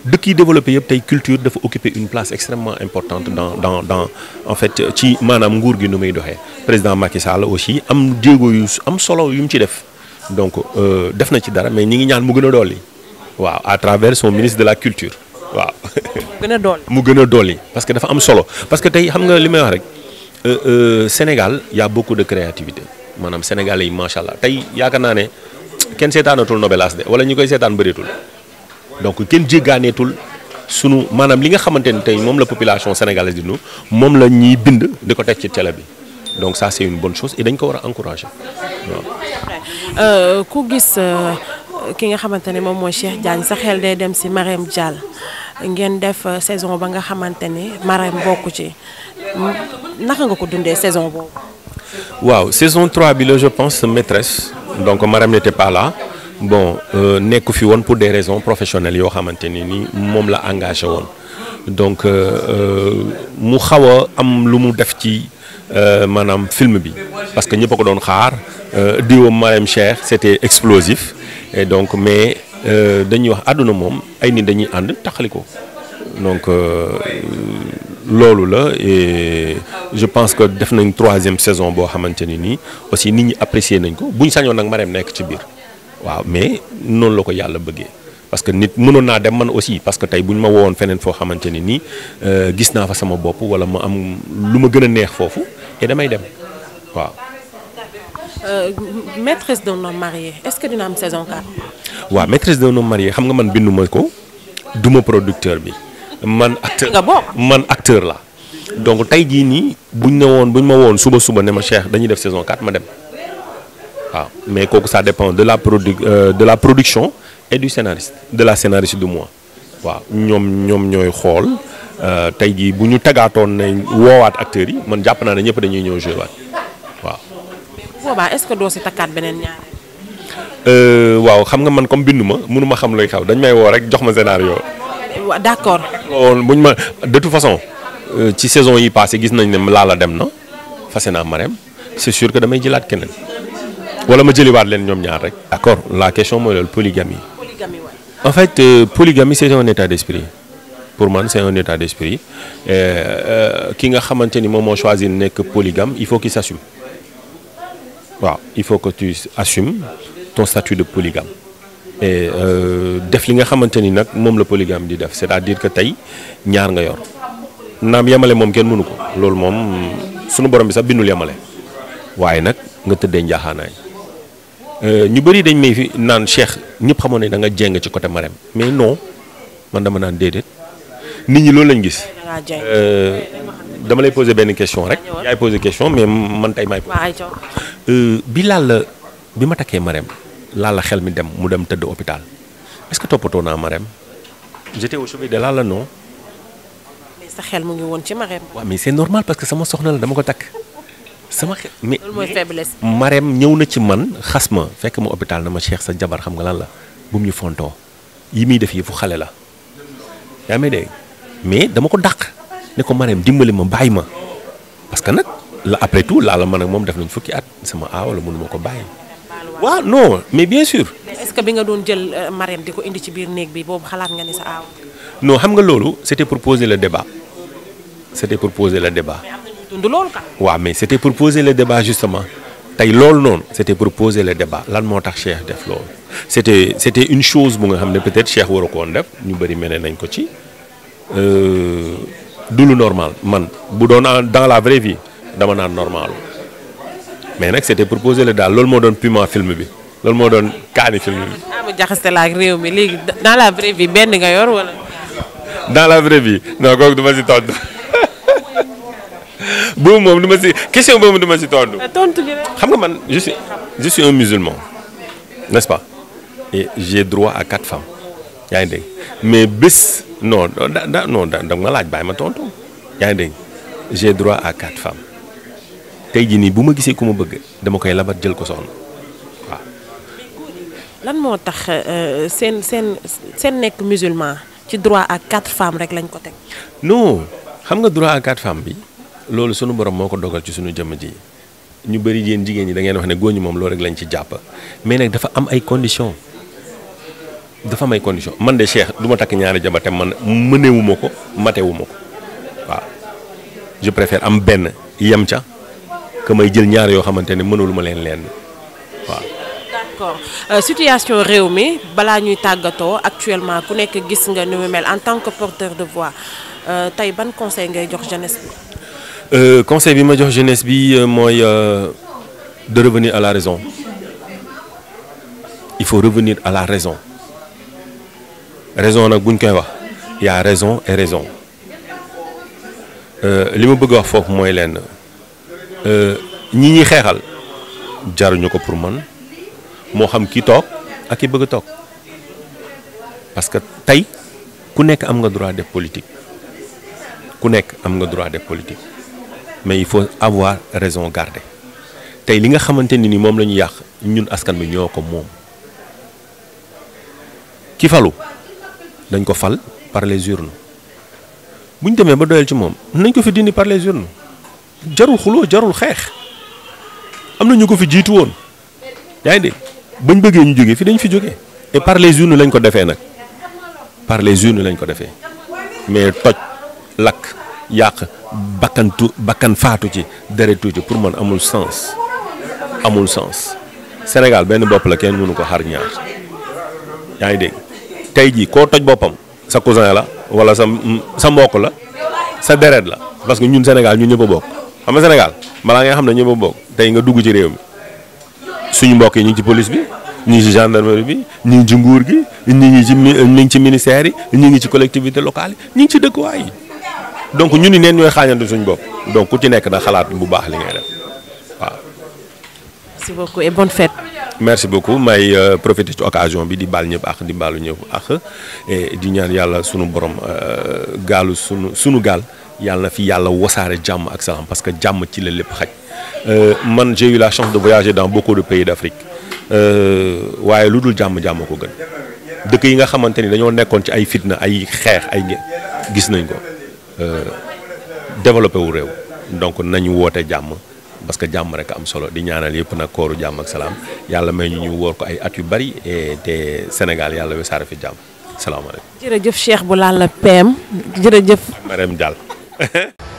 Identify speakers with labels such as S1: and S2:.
S1: dëkk yi développé yëpp tey culture dafa occuper une place extrêmement importante dans dans dans en fait ci maanaam nguur gi nu muy doxee président Macky Sall aussi am jéego yu am solo yu mu ci def donc euh, def na ci dara mais ñi ngi ñaan mu gën a dolli waaw à travers son ministre de la culture waaw. mu gën a dolli mu gën a dolli parce que dafa am solo parce que tey xam nga li may wax rek euh, euh, Sénégal y a beaucoup de créativité maanaam sénégal yi macha allah tey yaakaar naa ne kenn seetaanatul Novelas wala ñu koy seetaan bëreetul. donc kenn jéggaaneetul sunu maanaam li nga xamante ni tey moom la population sénégalaise di nu moom la ñuy bind di ko teg ci télé bi donc ça c'est une bonne chose et dañ ko war a encourager
S2: euh, ku gis euh, ki nga xamante ne moom mooy Cheikh Diagne sa xel day dem ci Marème Diall ngeen def euh, saison ba nga xamante ni Marème bokku ci hmm, naka nga ko dundee saison boobu.
S1: waaw saison 3 bi la je pense maîtresse donc Marème n'était pas là. bon euh, nekku fi woon pour des raisons professionnelles yoo xamante ni ni moom la engagé woon donc euh, euh, mu xaw a am lu mu def ci maanaam film bi parce que ñëpp ko doon xaar diwam Marème Cheikh c'était explosif et donc mais dañuy wax adduna moom ay nii dañuy ànd taxali ko donc loolu la et je pense que def nañ troisième saison boo xamante ni nii aussi nit ñi apprécier nañ ko buñ sañoon nag Marème nekk ci biir waaw mais noonu la ko yàlla bëggee parce que nit mënoon naa dem man aussi parce que tey bu ñu ma woowoon feneen foo xamante ni nii euh, gis naa fa sama bopp wala ma am lu ma gën a neex foofu et damay dem waaw.
S2: Euh, maîtresse d'un homme marié est-ce que dina saison 4.
S1: waaw maîtresse d'un homme marié xam nga man bindu ma ko duma producteur bi. man acteur nga man acteur la donc tey jii nii ñu ne woon ñu ma woon suba suba ne ma Cheikh dañuy def saison 4 ma dem. waaw ah, mais kooku sa dépend de la produ euh, de la production et du scénariste de la scénariste du mois waaw ñoom ñoom ñooy xool euh, tey jii bu ñu tagaatoon ne woowaat acteurs yi man jàpp naa ne ñëpp dañuy ñëw joué waat waaw.
S2: bu est-ce que doo takkaat beneen ñaar.
S1: Euh, waaw xam nga man comme bindu ma mënu ma xam lay xaw dañ may woo rek jox ma scénario. waaw d'accord. buñ ma de toute façon ci saison yi passé gis nañ ne laala dem na fase naa Marème c'est sur que damay jëlaat keneen. wala ma jëliwaat leen ñoom ñaar rek. d'accord la question mooy loolu polygamie. polygamie en fait euh, polygamie c'est un état d'esprit pour man c'est un état d'esprit euh, euh, ki nga xamante ni moom moo choisir nekk polygame il faut qu'il s'assume waaw il faut que tu assumes ton statut de polygame. et euh, def li nga xamante ni nag moom la polygame di def c'est-à-dire que tey ñaar nga yor naam yamale moom kenn mënu ko loolu moom sunu borom bi sax bindul yemale waaye nag nga tëddee njaaxaanaay. Euh, ñu bëri dañ may fi naan Cheikh ñëpp xamoon na da nga jéng ci côté Marème mais non man dama naan déedéet nit ñi loolu lañu gis. Euh, dama lay poser benn question rek. yaay poser question mais man tey maay. Euh, bi laal bi ma takkee Marème laal la xel mi dem mu dem tëdd hôpital est-ce que toppatoo naa Marème j'étais au chevet laal la non.
S2: mais sa xel mu ngi woon ci Marème. mais
S1: c'est normal parce que sama soxna la dama ko takk. sama xe mais loolu mooy ñëw na ci man xas ma fekk ma hôpital na ma Cheikh sa jabar xam nga lan la bu mu ñu fontoo yi muy def yi fu xale la yaa may dégg mais dama ko dàq ne ko Marème dimbali ma bàyyi ma parce que nag la après tout laala man ak moom def nañ fukki at sama aaw la mënuma ko bàyyi. waaw non mais bien sûr.
S2: Mais est-ce que bi nga doon jël euh, Marème di ko indi ci biir néeg bi boobu xalaat nga ni sa aaw.
S1: non xam nga loolu c'était pour poser la débat c'était pour poser le débat. dund loolu ka waaw mais c' était pour poser le débat justement tey lool noonu c' était pour poser le débat lan moo tax Cheikh def loolu c' était une chose bu nga xam ne peut-être Cheikh waru def ñu bëri mel nañ ko ci euh, du lu normal man bu doon dans la vraie vie dama naan normal mais nag c' était pour poser le daal loolu moo doon piment film bi loolu moo doon kaani film bi.
S2: ah ma dans la vraie vie benn nga yor wala.
S1: dans la vraie vie non kooku du ma si tontu. boobu moom du ma si question boobu du ma si tontu. Euh, tontu xam nga man je suis je suis un musulman nest pas et droit à quatre femmes yaa ngi dégg mais bés non da ma laaj baay ma tontu yaa ngi dégg j'ai droit à quatre femmes tey jii nii bu ma gisee ku ma bëgg dama koy labar jël ko soxna waaw.
S2: lan moo tax euh, seen seen seen nekk musulman ci droit a quatre femmes rek lañ ko teg.
S1: non xam nga droit à quatre femmes bi. loolu sunu borom moo ko dogal ci suñu jëmm ji ñu bëri yéen jigéen ñi da ngeen wax ne góoñu moom loolu rek lañ ci jàpp mais nag dafa am ay conditions dafa am ay man de Cheikh du ma takk ñaari jabar te man mënewuma ko matewuma ko waaw je préfère am benn yem ca que may jël ñaar yoo xamante ne mënuluma leen leen waaw.
S2: d'accord euh, situation réew mi balaa ñuy tàggatoo actuellement ku nekk gis nga ni mu mel en tant que porteur de voix euh, tey ban conseil ngay jox jeunesse bi.
S1: Euh, conseil bi ma jox jeunesse bi euh, mooy euh, de revenir à la raison il faut revenir à la raison raison nag buñ koy wax y raison et raison li ma bëgg wax foofu mooy lenn ñi ñuy xeexal jaruñu ko pour man moo xam ki toog ak ki bëgg a toog parce que tey ku nekk am nga droit def politique ku nekk am nga droit de politique. mais il faut avoir raison garder tey li nga xamante ni ni moom la ñu yàq ñun askan bi ñoo ko moom ki falu dañ ko fal par les urnes bu ñu demee ba doyal ci moom nañ ko fi dindi par les urnes jarul xuloo jarul xeex am na ñu ko fi jiitu woon yaa ngi dégg bañ bëggee ñu jógee fi dañ fi jógee et par les urnes lañ ko defee nag par les urnes lañ ko defee mais toj lakk. yàq bakkan tu bakkan faatu ci deret tuuti pour man amul sens amul sens Sénégal benn bopp la kenn mënu ko xar ñaar yaa ngi dégg tey jii koo toj boppam sa cousin la wala sa sa mbokk la sa deret la parce que ñun Sénégal ñu ñëpp a bokk xam nga Sénégal balaa nga xam ne ñëpp a bokk tey nga dugg ci réew mi suñu mbokk yi ñu ci police bi ñu ngi ci gendarmerie bi ñu ngi ci nguur gi ñu ngi ci ñu ngi ci ministère yi ñu ngi ci collectivité locale yi ñu ngi ci dëkkuwaay yi. donc ñu ni neen ñooy xaañante suñu bopp donc ku ci nekk na xalaat bu baax li ngay def waaw.
S2: merci beaucoup et bonne fête.
S1: merci may euh, profité ci occasion bi di baal ñëpp ak di baalu ñëpp ak e di ñaan yàlla sunu borom euh, gaalu sunu sunu gaal yàlla na fi yàlla wasaare jàmm ak salaam parce que jàmm ci la lépp xaj euh, man j'ai la chance de voyager dans beaucoup de pays d'Afrique waaye lu dul jàmm jàmm ko gën dëkk yi nga xamante ni dañoo nekkoon ci ay fitna ay xeex ay gis nañ ko. Euh, développé wu réew donc nañu woote jàmm parce que jàmm rek am solo di ñaanal yëpp nag kooru jàmm ak salaam yàlla may ñu ñu woor ko ay at yu bari et te Sénégal yàlla wesaare fi jàmm salaamaaleykum.
S2: jërëjëf Cheikh Boulal PM jërëjëf.
S1: Marème Diall.